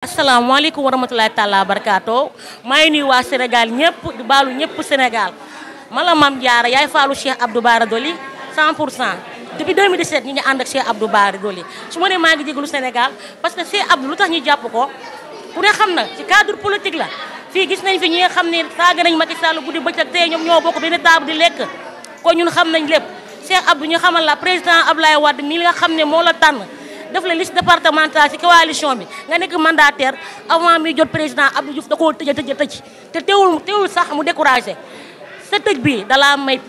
asalaamaaleykum wa rahmatulahi taala barakaatoo maa ngi nuyu waa Sénégal ñëpp di baalu ñëpp Sénégal ma la Mame Diarra yaay faalu Cheikh Abdou Bara Dolly 100 pour cent depuis 2017 ñi ngi ànd ak Cheikh Abdou Bara Dolly su ma ne maa ngi lu Sénégal parce que Cheikh Abdou lu tax ñu jàpp ko ku ne xam na ci cadre politique la fii gis nañ fi ñi nga xam ne saaga nañ Macky Sall guddi bëccëg tey ñoom ñoo bokk benn table di lekk kon ñun xam nañ lépp Cheikh Abdou ñu xamal la président Abdoulaye Wade mi nga xam ne moo la tànn def la liste départementale ci coalition bi nga nekk mandataire avant mi jot président Abdou Diouf da koo tëj tëj tëj te teewul teewul sax mu découragé sa tëj bi dalaa may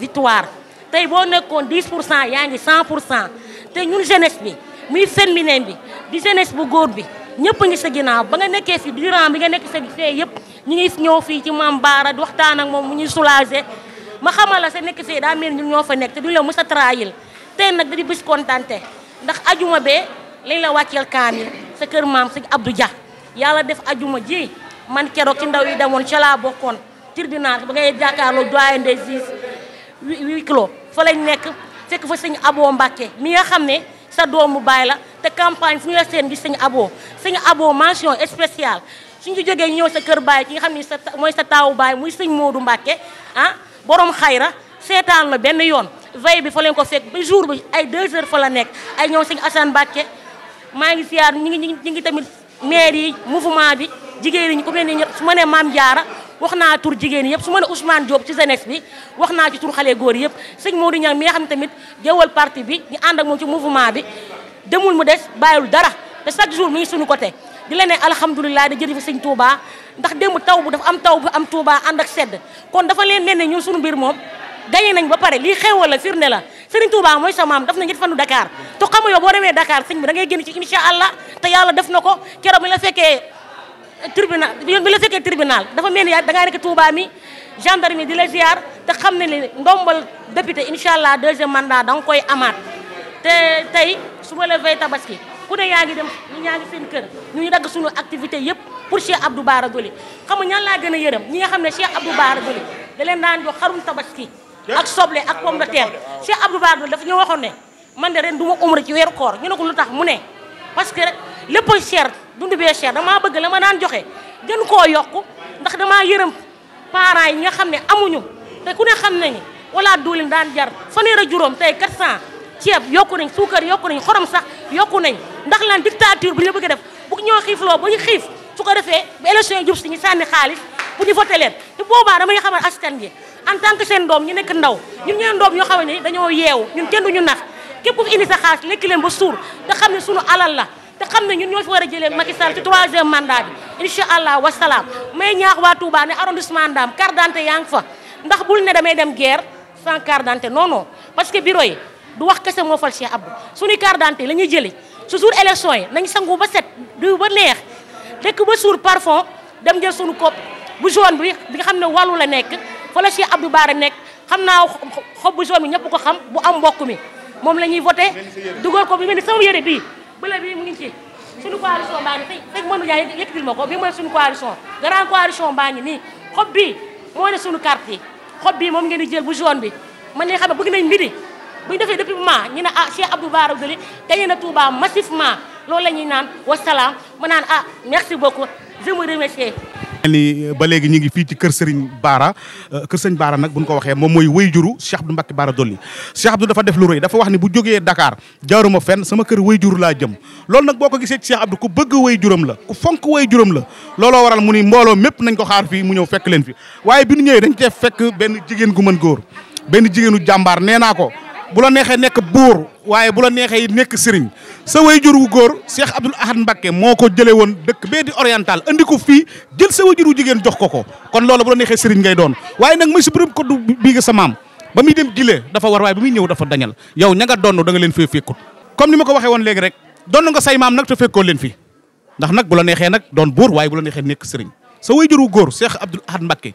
victoire tey boo nekkoon 10 pour cent yaa ngi cent pour cent te ñun jeunesse bi muy féminin bi di jeunesse bu góor bi ñëpp ngi sa ginnaaw ba nga nekkee fi durant bi nga nekk sa fee yëpp ñu ngi ñëw fii ci maam baara di waxtaan ak moom mu ñuy soulager ma xamal la sa nekk fee daa mel ñu ñoo fa nekk te duñu la mës a trahir tey nag da di bis kontante ndax ajuma be lañ la wàcceel kaamil sa kër maam sëñ Abdou Dia yàlla def ajuma ji man keroog ki ndaw yi demoon ca laa bokkoon tribunal ba ngay jàkkaarloo doyen des juges huis clos fa lañ nekk fekk fa sëñ aboo Mbàkke mi nga xam ne sa doomu baay la te campagne fu ñu la seen gi sëñ Abo sëñ Abo mention spéciale suñu jógee ñëw sa kër baay ki nga xam ne sa mooy sa taawu baay muy sëñ Moodu Mbàkke ah borom xayra seetaan la benn yoon veille bi fa lañ ko fekk ba jour bi ay 2 heures fa la nekk ay ñëw sëñ assan Mbacke maa ngi siyaar ñi ngi ñi ngi tamit maire yi mouvement bi jigéen ñi ku mel ni su ma nee Maam Jaara wax naa tur jigéen yëpp su ma ne Ousmane Diop ci jeunesse bi wax naa ci tur xale góor yëpp sëñ Modou Niang mi nga xam ne tamit jëwal parti bi ñu ànd ak moom ci mouvement bi demul mu des bàyyil dara te chaque jour mi ngi suñu côté di la ne alhamdulilah da jërëjëf sëñ Touba ndax démb taw bu dafa am taw bu am Touba ànd ak sedd kon dafa leen ne ne suñu mbir moom gañe nañ ba pare lii xew xewal la firnde la Serigne Touba mooy sa maam daf na ñett fanu Dakar te xam nga boo demee Dakar sëñ bi da ngay génn ci incha allah te yàlla def na ko keroog bi la fekkee tribunal bi la fekkee tribunal dafa mel ni da ngaa nekk Touba mi gendarmerie di la ziar te xam ne ni ndombal député incha allah deuxième mandat da nga koy amaat te tey suba ma la fay tabaski ku ne yaa ngi dem ñu ñaa seen kër ñu ngi dagg suñu activité yëpp pour Cheikh Abdou Bara Dolly xam nga ñan laa gën yërëm ñi nga xam ne Cheikh Abdou Bara Dolly da leen daan jox xarum tabaski ak soble ak pomme de terre Cheikh Abdou Bara dafa ñu waxoon ne man de ren du ma umra ci weeru koor ñu ne ko lu tax mu ne parce que lépp cher dund bee cher damaa bëgg la ma daan joxe gën koo yokk ndax damaa yërëm parents yi nga xam ne amuñu te ku ne xam nañu wala duulin daan jar fa fanweer ak juróom tey 400 ceeb yokku nañ suukar yokku nañ xorom sax yokku nañ ndax lan dictature bu ñu bëgg a def bu ñoo xiifloo ba ñu xiif su ko defee ba élection yi jub si ñu sànni xaalis bu ñu voté leen te boobaa damay xamal askan bi en tant que seen doom ñu nekk ndaw ñun ñeen doom yoo xam ne dañoo yeewu ñun kenn duñu nax képp indi sa xaalis lekk leen ba suur te xam ne sunu alal la te xam ne ñun ñoo fi war a jëlee Macky Sall ci troisième mandat bi incha allah wasalaam may ñaax waa Touba ne arrondissement Ndam carte d'identité yaa ngi fa ndax bul ne damay dem guerre sans carte d'identité non non parce que bureau yi du wax kese moo fal Cheikh Abdou suñu carte d'identité la ñuy jëli su jour élection yi nañ sangu ba set du ba neex dëkk ba suur parfum dem jël bu jaune bi bi nga xam ne wàllu la fa la Cheikh Abdou Bara nekk xam naa xob bu jaune bi ñëpp ko xam bu am mbokk mi moom la ñuy voté dugal ko bi mel ni sama yére bii bële bi mu ngi ci suñu coalition baa ngi tey tey mënu yaay yëkkatil ma ko bii mooy suñu coalition grand baa ngi nii xob bi moo ne suñu carte yi xob bii moom ngeen di jël bu jaune bi man li xam ne bëgg nañ mbiri bu ñu defee depuis ma ñu ne ah Cheikh Abdou Bara Dolly gagné na Touba massivement loolu la ñuy naan wasalaam ma naan a ah, merci beaucoup je vous remercie ni euh, ba léegi ñu ngi fii ci kër Serigne baara euh, kër Serigne Bara nag buñ ko waxee moom mooy juru Cheikh Abdou Mbacké Bara Dolly Cheikh Abdou dafa def lu rëy dafa wax ni bu jógee dakaar jaaruma fenn sama kër wayjur laa jëm loolu nag boo ko gisee ci du Abdou ku bëgg juróom la ku fonk juróom la looloo waral mu ni mbooloo mépp nañ ko xaar fii mu ñëw fekk leen fi waaye bi nu ñëwee dañ cee fekk benn jigéen gu mën góor benn jigéenu jàmbaar nee naa ko bu la neexee nekk buur waaye bu la neexee nekk sëriñ sa wayjur wu góor seex Abdoul Ahad Mbacké moo ko jëlee woon dëkk bee di oriental andi ko fii jël sa wayjur wu jigéen jox ko ko kon loolu bu la neexee ngay doon waaye nag monsieur Birame Codou bii nga sa maam ba muy dem gile dafa war waaye ba muy ñëw dafa dañal yow ña nga doon da nga leen fee fekkut comme ni ma ko waxee woon léegi rek doon nga say maam nag te fekkoo leen fi ndax bu la neexee nag doon buur waaye bu la neexee nekk sëriñ sa wayjur wu góor Cheikh Abdoul Ahad Mbacké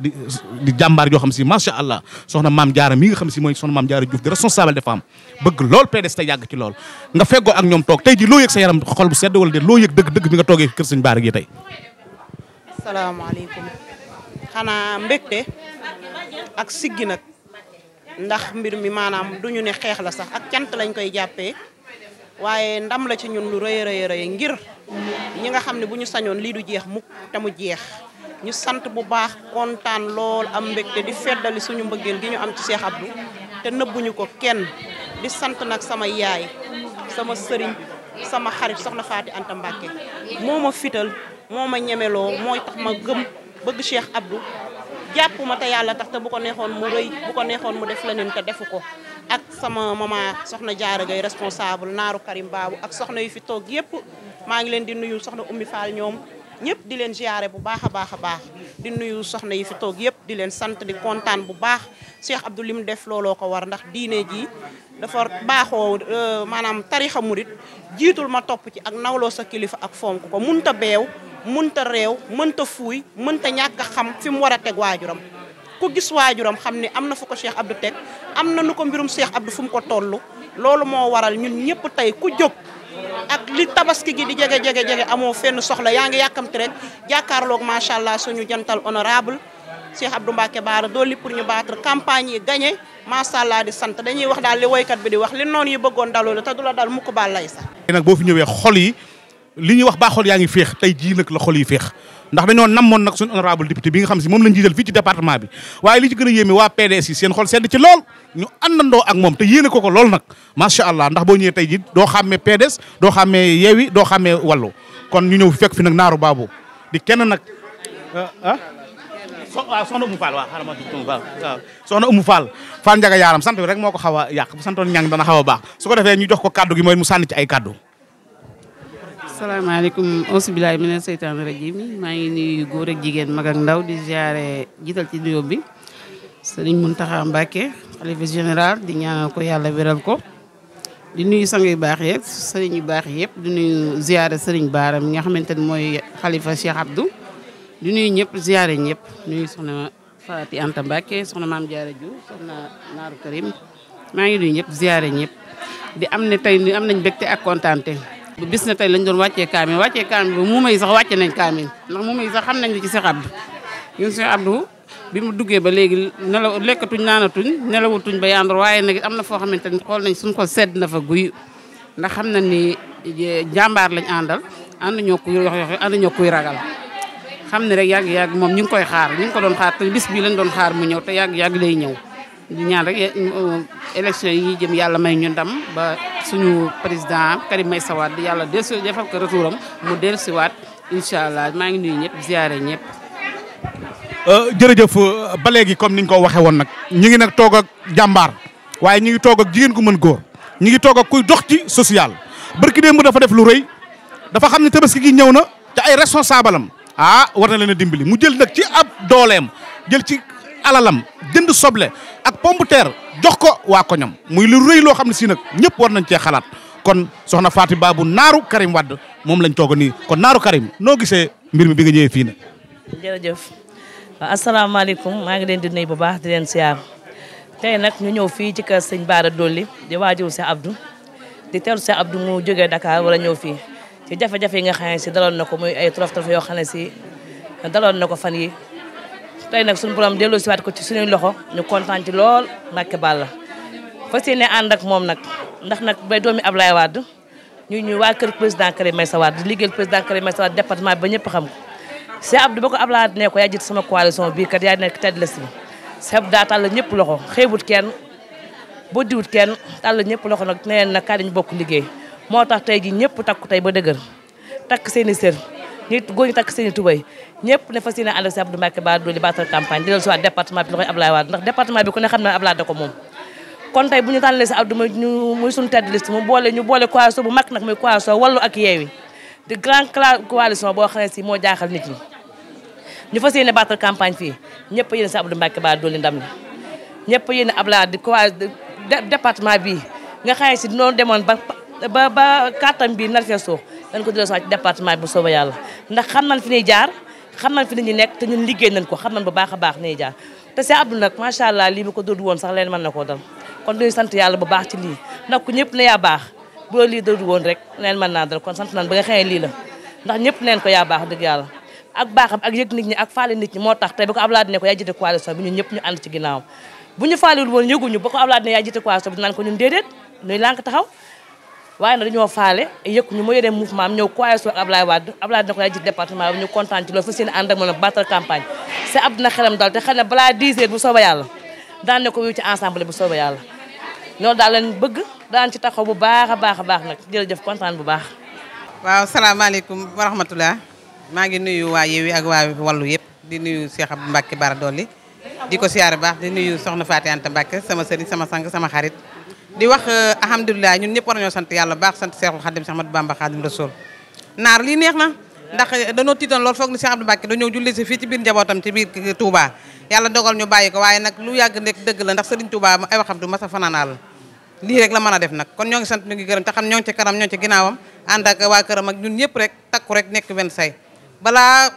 di di jàmbaar yoo xam si macha allah soxna maam jaar mi nga xam si mooy soxna maam jaara Diouf di responsable des femmes bëgg lool PDS ta yàgg ci lool nga feggoo ak ñoom toog tey ji loo yëg sa yaram xol bu sedd wala de loo yëg dëgg-dëgg bi nga toogee kër sëñ baar gi tey asalaamaaleykum xanaa mbégte ak siggi nag ndax mbir mi maanaam du ñu ne xeex la sax ak cant lañ koy jàppee waaye ndam la ci ñun lu rëy a rëy ngir ñi nga xam ne bu ñu sañoon lii du jeex mukk te mu jeex ñu sant bu baax kontaan lool am mbégte di feddali suñu mbëggeel gi ñu am ci Cheikh Abdou te nëbbuñu ko kenn di sant nag sama yaay sama sëriñ sama xarit soxna Faati Anta Mbàkke moo ma fital moo ma ñemeloo moo tax ma gëm bëgg Cheikh Abdou jàpp ma te yàlla tax te bu ko neexoon mu rëy bu ko neexoon mu def leneen te defu ko ak sama mama soxna Jaara Gay responsable naaru Karim Baabu ak soxna yu fi toog yépp maa ngi leen di nuyul soxna Ummi Fall ñoom ñëpp di leen ziare bu baax a baax a baax di nuyu soxna yi fi toog yëpp di leen sant di kontaan bu baax Cheikh Abdou lim def looloo ko war ndax diine ji dafa baaxoo euh, maanaam tarixa murit jiitul ma topp ci ak nawloo sa kilifa ak fonk ko munta beew munta réew mënta fuuy mënta ñàkk a xam fi mu war a teg waajuram ku gis waajuram xam ni am na fu ko Cheikh Abdou teg am na nu ko mbirum Cheikh Abdou fu mu ko tollu loolu moo waral ñun ñëpp tey ku jóg ak li tabaski gi di jege jege jege amoo fenn soxla yaa ngi yàkkamti rek jàkkaarloog macha allah suñu jantal honorable Cheikh Abdou Mbacké Bara Dolly pour ñu battre campagne yi gagné macha allah di sant dañuy wax daal li woykat bi di wax li noon yi bëggoon dalu la te du la dal mukk baal lay sax. boo fi ñëwee xol yi. li ñuy wax baa xol yaa ngi féex tey jii nag la xol yi féex ndax dañoo namoon nag suñu honorable député bi nga xam si moom lañ jiital fii ci département bi waaye li ci gën a yéeme waa PDS yi seen xol sedd ci lool ñu àndandoo ak moom te yéene ko ko lool nag macha allah ndax boo ñëwee tey jii doo xàmmee PDS doo xam xàmmee Yewwi doo xàmmee Wallu kon ñu ñëw fi fekk fi nag naaru baabu di kenn nag ah, ah? waaw soxna Umu Fall ma tudd waaw soxna yaaram sant rek moo ko xaw a yàq bu santoon ñang dana xaw a baax su ko ñu jox ko kaddu gi mooy mu sànni ci ay kaddu salaamaaleykum auzubillahi mina seytaani rajim maa ngi nuy góor ak jigéen mag ak ndaw di ziare jiital ci nuyoo bi mun Muntaxa Mbàkke xalifa général di ñaanal ko yàlla wéral ko di nuyu sang yu baax yeeg sëriñ yu baax yëpp di nuy ziare sëriñ Baara mi nga xamante ne mooy xalifa Cheikh Abdou di nuyu ñëpp ziare ñëpp nuyu soxna Faati Anta Mbàkke soxna Maam Jaara Ju soxna Naaru Karim maa ngi nuyu ñëpp ziare ñëpp di am ne tey am nañ mbégte ak kontaante bis na tey lañ doon wàccee kaamil wàccee kaamil ba muuma yi sax wàcce nañ kaamil ndax muuma sax xam nañ li ci Cheikh Abdou ñun Cheikh du bi mu duggee ba léegi nelaw lekkatuñ naanatuñ nelawutuñ ba yandoor waaye nag am na foo xamante ni xool nañ suñ ko sedd na fa guy ndax xam nañ ni e, jàmbaar lañ àndal ànd ñoo kuy yox yox ànd ñoo kuy ragal xam ne rek yàgg-yàgg moom ñu ngi koy xaar ñu ngi ko doon xaar te bis bii lañ doon xaar mu ñëw te yàgg-yàgg lay ñëw di ñaan rek eh, mm, oh, élection yi jëm yàlla may ñu ndam ba suñu président Karim Meïssa Wade yàlla dellusi defal ko retour am mu dellusiwaat incha allah maa ngi nuyu ñëpp ziare ñëpp. Euh, jërëjëf euh, ba léegi comme ni ñu ko waxee woon nag. ñu ngi nag toog ak jàmbaar waaye ñu ngi toog ak jigéen ku mën góor ñu ngi toog ak kuy dox ci social. barki démb dafa def lu rëy dafa xam ne tabaski gi ñëw na te ay responsable am ah war na leen a dimbali mu jël nag ci ab dooleem jël ci alalam jënd soble ak pompe terre jox ko waa koñam muy lu rëy loo xam ne si nag ñëpp war nañ cee xalaat kon soxna Faati Baabu naaru Karim Wade moom lañ toog nii kon naaru Karim noo gisee mbir mi bi nga ñëwee fii nag. jërëjëf asalaamaaleykum maa ngi leen dina nuyu bu baax di leen siyaar tey nag ñu ñëw fii ci kër sëñ Baara Dolli di waajur si Abdou di teeru si Abdou mu jógee Dakar wala ñëw fii ci jafe-jafe yi nga xam si daloon na ko muy ay trof trof yoo xam ne si daloon na ko fan yi tey nag suñu borom delloo siwaat ko ci suñuy loxo ñu kontaan ci lool Mbàkke Bàlla fas yéene ànd ak moom nag ndax nag bay doomi Ablaye Wade ñu ñu waa kër président Karim Meïssa Wade di liggéey président Karim Meïssa Wade département bi ba ñëpp xam ko Cheikh Abdou ba ko Ablaye nekk ne ko yaa sama coalition bii kat yaa nekk tedd la si Cheikh Abdou daa la ñëpp loxo xeebut kenn boo diwut kenn tàll ñëpp loxo nag ne leen nag kaay dañu bokk liggéey moo tax tey ji ñëpp takku tey ba dëgër takk seen i ñi góor ñi takk seen i tubay ñëpp ne fas yéene ànd ak si Abdou Mbacké Bara na ko mu boole ñu boole coalition bu mag nag Wallu ak Yewwi di grand coalition boo xam ne si moo jaaxal nit ñi ñu fas yéene baatal campagne fii ñëpp yéene si Abdou Mbacké Bara Dolly ndam la ñëpp yéene Abdoulaye di département bi nga xam ne si noonu demoon ba ba ba kàttan bi nar fee suux dañ ko delloo si waat ci département bi bu soobee ndax xam nañ fi ñuy jaar xam nañ fi ñu nekk te ñun liggéey nañ ko xam nañ bu baax a baax ñuy jaar te Cheikh Abdou nag macha allah lii bu ko dóor woon sax leen mën na koo dal kon dañuy sant yàlla bu baax ci lii ndax ku ñëpp ne yaa boo lii dóor woon rek leen mën naa kon sant nañ ba nga xamee lii la ndax ñëpp neen ko yaa baax dëgg yàlla ak baaxam ak yëg nit ñi ak faale nit ñi moo tax te ba ko Abdoulaye ne ko yaa jiite coalition bi ñun ñëpp ñu ànd ci ginnaawam bu ñu faalewul woon yëguñu ba ko Abdoulaye ne yaa jiite coalition bi naan ko ñun déedéet waaye nag dañoo faale yëkku ñu mu yoree mouvement am ñëw coalition ak Ablaye Wade Ablaye dina ko yaay jiite département bu ñu kontaan ci loolu fa seen ànd ak moom battal campagne c'est ab dina xelam daal te xam ne balaa 10 bu sooba yàlla daan ne ko wiw ci ensemble bu sooba yàlla loolu daal leen bëgg daan ci taxaw bu baax a baax a baax nag jërëjëf kontaan bu baax waaw salaamaaleykum wa rahmatulah maa ngi nuyu waa Yewwi ak waa Wallu yëpp di nuyu Cheikh Abdou Mbacke Bara Dolly di ko siyaare baax di nuyu soxna Faty Anta Mbacke sama sëriñ sama sang sama xarit di wax euh, alhamdulilah ñun ñëpp war sant yàlla baax sant Seexul Xadim Seex Ahmadu Bamba Xadim Rasul naar lii neex na ndax euh, danoo tiitoon lool foog ni Seex Abdou Mbàkke dañoo julli si fii ci biir njabootam ci biir euh, Touba yàlla dogal ñu bàyyi ko waaye nag lu yàgg nekk dëgg la ndax Sëriñ Touba ay waxam du mas a fanaanaal lii rek la mën a def nag kon ñoo ngi sant ñu ngi gërëm xam ñoo ngi ci ñoo ngi ci ginnaawam ànd waa këram ak ñun ñëpp rek takku rek nekk benn say balaa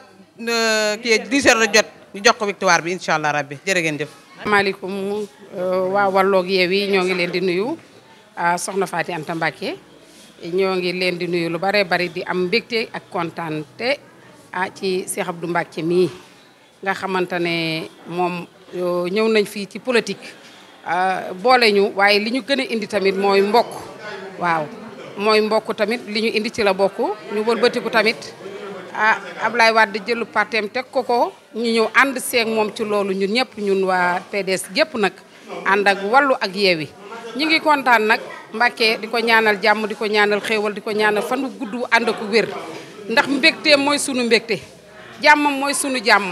kii 10 heures la jot ñu jox ko victoire bi incha allah rabbi jërë ngeen jëf maaleykum euh, waa walloog Yewwi ñoo ngi leen di nuyu ah, soxna Faty Anta Mbacké ñoo ngi leen di nuyu lu bare bari di am mbégte ak kontaante ah ci Cheikh Abdou Mbacké mii nga xamante ne moom euh, ñëw nañ fii ci politique ah, boole ñu waaye li ñu gën a indi tamit mooy mbokk waaw mooy mbokk tamit li ñu indi ci la bokk ñu wëlbatiku tamit ah Ablaye Wade jëlu parteem teg ko ko ñu ñëw ànd seek moom ci loolu ñun ñëpp ñun waa PDS gépp nag ànd ak wallu ak yeewi ñu ngi kontaan nag Mbacke di ko ñaanal jàmm di ko ñaanal xéewal di ko ñaanal fan wu gudd wu ànd ak wér ndax mbégteem mooy sunu mbégte jàmmam mooy sunu jàmm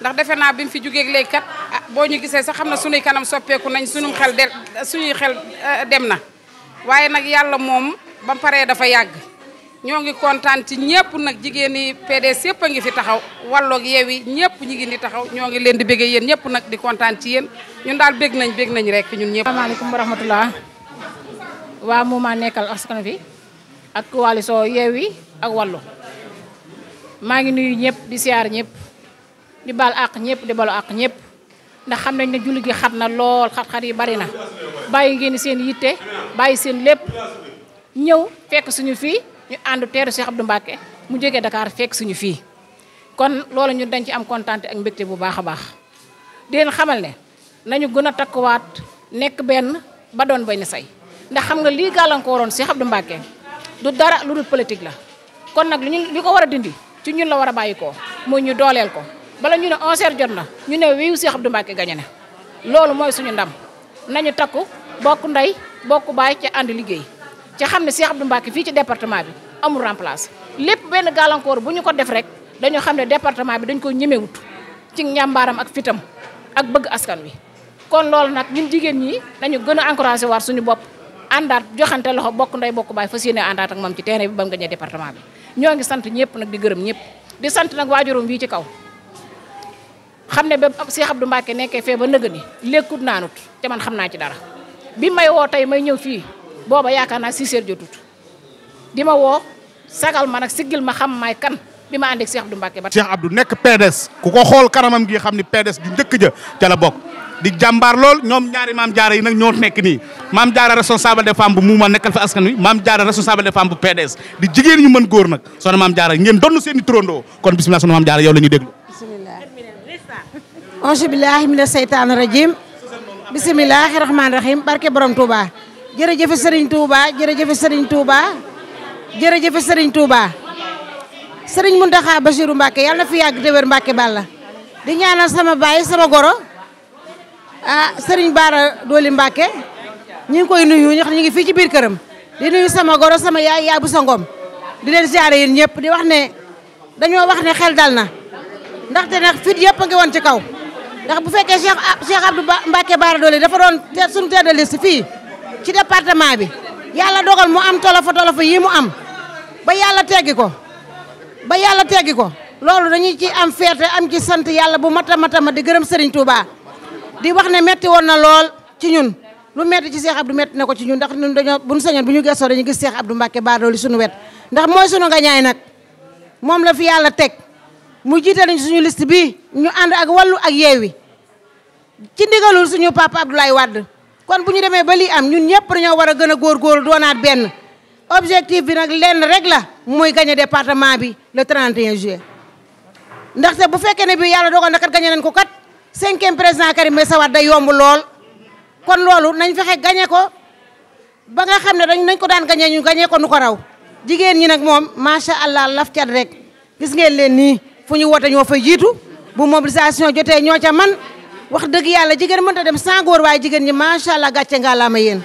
ndax defe naa bi mu fi jógeeg léegi kat ah boo ñu gisee sax xam na sunuy kanam soppeeku nañ sunu xel de xel eh, dem na waaye nag yàlla moom ba paree dafa yàgg ñoo ngi kontaan ci ñëpp nag jigéen ñi PDS yëpp a ngi fi taxaw walloog yewi ñëpp ñu ngi ni taxaw ñoo ngi leen di béggee yéen ñëpp nag di kontaan ci yéen ñun daal bég nañ bég nañ rek ñun ñëpp. asalaamaaleykum wa rahmatulah waa Mouma nekkal askan fi ak coalition yewi ak wallu maa ngi nuyu ñëpp di siyaar ñëpp di baal àq ñëpp di balu àq ñëpp ndax xam nañ ne julli gi xat na lool xat-xat yi bari na bàyyi ngeen seen yitte bàyyi seen lépp ñëw fekk suñu fii. ñu ànd teeru Cheikh Abdou Mbacke mu jógee dakaar fekk suñu fii kon loolu ñun dañ ci am kontaan ak mbégte bu baax a baax di xamal ne nañu gën a takkuwaat nekk benn ba doon benn say ndax xam nga lii gàllankooroon Cheikh Abdou Mbacke du dara lu du politique la kon nag lu ñu li ko war a dindi ci ñun la war a bàyyi koo mooy ñu dooleel ko bala ñu ne 11h jot na ñu ne wiiw Cheikh Abdou Mbacke gañe ne loolu mooy suñu ndam nañu takku bokk ndey bokk bàyyi ca ànd liggéey ci xam ne Cheikh Abdou Mbacké fii ci département bi amul remplace lépp benn gàllankoor bu ñu ko def rek dañu xam ne département bi dañ ko ñemewut ci njàmbaaram ak fitam ak bëgg askan wi kon loolu nag ñun jigéen ñi dañu gën a encouragé war suñu bopp àndaat joxante loxo bokk ndey bokk baay fas yéene àndaat ak moom ci terrain bi ba mu gañee département bi ñoo ngi sant ñëpp nag di gërëm ñëpp di sant nag waajurum bii ci kaw xam ne ba Cheikh Abdou Mbacké nekkee fee ba nëga ni lékkut naanut te man xam naa ci dara bi fii booba yaakaar naa six heures jotut di ma woo sagal ma nag siggil ma xam may kan bi ma ànd ak Cheikh Abdou Mbacke ba. Cheikh Abdou nekk PDS ku ko xool kanamam gi xam ni PDS ju njëkk ja ca la bokk di jàmbaar lool ñoom ñaari maam jaara yi nag ñoo nekk nii maam jaara responsable de femmes bu mouvement nekkal fa askan wi maam jaara responsable des femmes bu PDS di jigéen ñu mën góor nag soxna maam jaara ngeen donn seen i turandoo kon bisimilah soxna maam jaara yow la ñuy déglu. bisimilah. auzu billaahi mina seytaani rajiim. bisimilah rahmaani rahiim barke jërëjëf Serigne Touba jërëjëf Serigne Touba jërëjëf Serigne Touba Serigne Mountakha Bassirou Mbacké yàlla na fi yàgg te wér bal la di ñaanal sama baay sama goro ah Serigne Bara Doli Mbacké ñu ngi koy nuyu ñax ñu ngi fii ci biir këram di nuyu sama goro sama yaay yaay bu sa ngoom di leen siyaare yin ñëpp di wax ne dañoo wax ne xel dal na ndax ndaxte nag fit yëpp a ngi woon ci kaw ndax bu fekkee Cheikh Cheikh Abdou Mbacké Bara Doli dafa doon suñu tête de liste fii ci département bi yàlla dogal mu am tolofa tolofa yi mu am ba yàlla teggi ko ba yàlla teggi ko loolu dañuy ci am fierté am ci sant yàlla bu mat a mat a di gërëm Serigne Touba di wax ne metti woon na lool ci ñun lu metti ci Cheikh Abdou metti ne ko ci ñun ndax ñun dañoo buñu sañoon bu ñu gëstoo dañu gis Cheikh Abdou Mbacke baadooli suñu wet ndax mooy suñu nga ñaay nag moom la fi yàlla teg mu jiite nañ suñu list bi ñu ànd ak wàllu ak yeewi ci ndigalul suñu papa Abdoulaye Wade kon bu ñu demee ba lii am ñun ñëpp dañoo war a gën a góorgóorlu doonaat benn objectif bi nag lenn rek la mooy gagné département bi le 31 juillet. ndaxte bu fekkee ne bii yàlla dogal na kat gagné nañ ko kat cinquième président Karim Meïssa Wade day yomb lool kon loolu nañ fexe gañe ko ba nga xam ne dañ nañ ko daan gagné ñu gañee ko nu ko raw jigéen ñi nag moom macha allah laf cat rek gis ngeen leen nii fu ñu woote ñoo fay jiitu bu mobilisation jotee ñoo ca man wax dëgg yàlla jigéen mënta dem sangoor waaye jigéen ñi macha allah gàcce nga laama yéen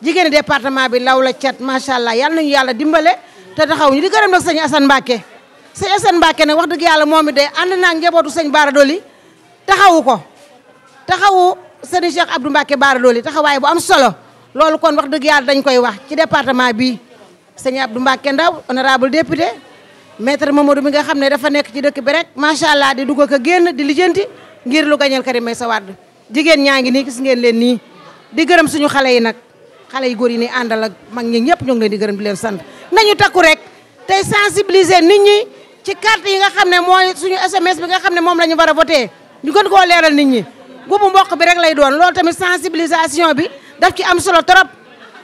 jigéen département bi law la cat macha allah yàlla nañu yàlla dimbale te taxaw ñu di gërëm nag sëñ Assane Mbacke sëñ Assane Mbacke nag wax dëgg yàlla moom de day ànd naa njabootu sëñ Baara Doli taxawu ko taxawu sëñ Cheikh Abdou Mbacke Baara Doli taxawaay bu am solo loolu kon wax dëgg yàlla dañ koy wax ci département bii sëñ Abdou Mbacke Ndaw honorable député maître Mamadou mi nga xam ne dafa nekk ci dëkk bi rek macha allah di dugg ak a génn di lijjanti ngir lu gañal Karim Meïssa Wade jigéen ñaa ngi nii gis ngeen leen nii di gërëm suñu xale yi nag xale yu góor yi ni àndal ak mag ñi ñëpp ñoo ngi leen di gërëm di leen sant nañu takku rek tey sensibiliser nit ñi ci carte yi nga xam ne mooy suñu SMS bi nga xam ne moom la ñu war a voté ñu gën koo leeral nit ñi gubu mboq bi rek lay doon loolu tamit sensibilisation bi daf ci am solo trop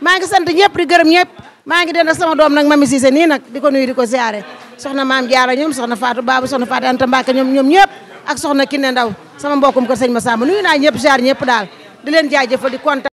maa ngi sant ñëpp di gërëm ñëpp maa ngi den sama doom nag Mami Cissé nii nag di ko nuyu di ko siyaare soxna maam Diarra ñoom soxna Fatou Babou soxna Fatou Anta Mbacke ñoom ñoom ñëpp ak soxna Kiné Ndaw sama mbokkum kër sëñ ma nuyu naa ñëpp jaar ñëpp daal di leen jaajëfal di kontaan